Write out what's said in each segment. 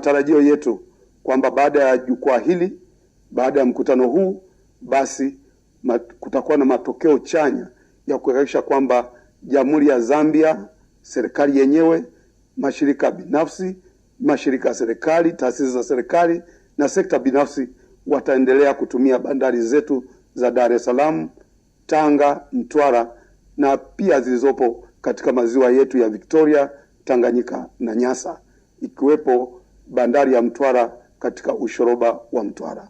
matarajio yetu kwamba baada ya jukwaa hili, baada ya mkutano huu, basi kutakuwa na matokeo chanya ya kuhakikisha kwamba Jamhuri ya Zambia, serikali yenyewe, mashirika binafsi, mashirika ya serikali, taasisi za serikali na sekta binafsi wataendelea kutumia bandari zetu za Dar es Salaam, Tanga, Mtwara na pia zilizopo katika maziwa yetu ya Victoria, Tanganyika na Nyasa ikiwepo bandari ya Mtwara katika ushoroba wa Mtwara.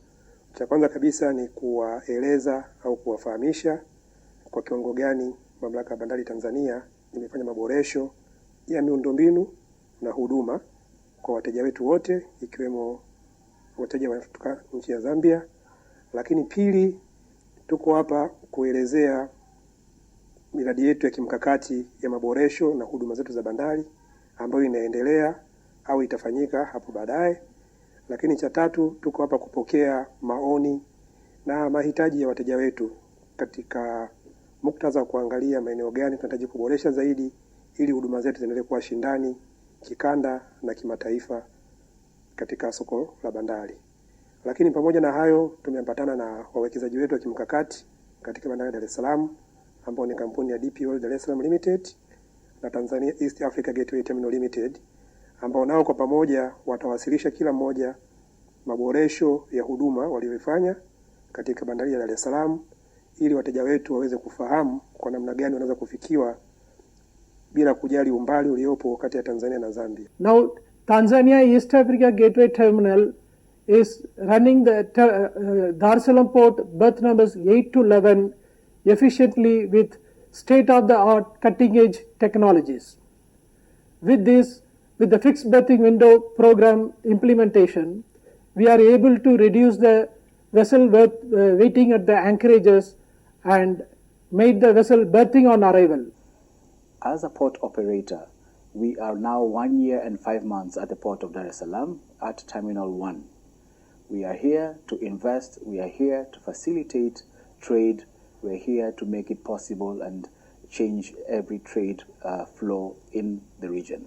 Cha kwanza kabisa ni kuwaeleza au kuwafahamisha kwa kiwango gani mamlaka ya bandari Tanzania imefanya maboresho ya miundombinu na huduma kwa wateja wetu wote ikiwemo wateja wanatoka nchi ya Zambia. Lakini pili, tuko hapa kuelezea miradi yetu ya kimkakati ya maboresho na huduma zetu za bandari ambayo inaendelea au itafanyika hapo baadaye. Lakini cha tatu, tuko hapa kupokea maoni na mahitaji ya wateja wetu katika muktadha wa kuangalia maeneo gani tunahitaji kuboresha zaidi ili huduma zetu ziendelee kuwa shindani kikanda na kimataifa katika soko la bandari. Lakini pamoja na hayo, tumeambatana na wawekezaji wetu wa kimkakati katika bandari ya Dar es Salaam ambao ni kampuni ya DP World Dar es Salaam Limited na Tanzania East Africa Gateway Terminal Limited ambao nao kwa pamoja watawasilisha kila mmoja maboresho ya huduma waliyoifanya katika bandari ya Dar es Salaam ili wateja wetu waweze kufahamu kwa namna gani wanaweza kufikiwa bila kujali umbali uliopo kati ya Tanzania na Zambia. Now Tanzania East Africa Gateway Terminal is running the uh, uh Dar es Salaam port berth numbers 8 to 11 efficiently with state of the art cutting edge technologies. With this With the fixed berthing window program implementation, we are able to reduce the vessel berth, uh, waiting at the anchorages and made the vessel berthing on arrival. As a port operator, we are now one year and five months at the port of Dar es Salaam at Terminal 1. We are here to invest, we are here to facilitate trade, we're here to make it possible and change every trade uh, flow in the region.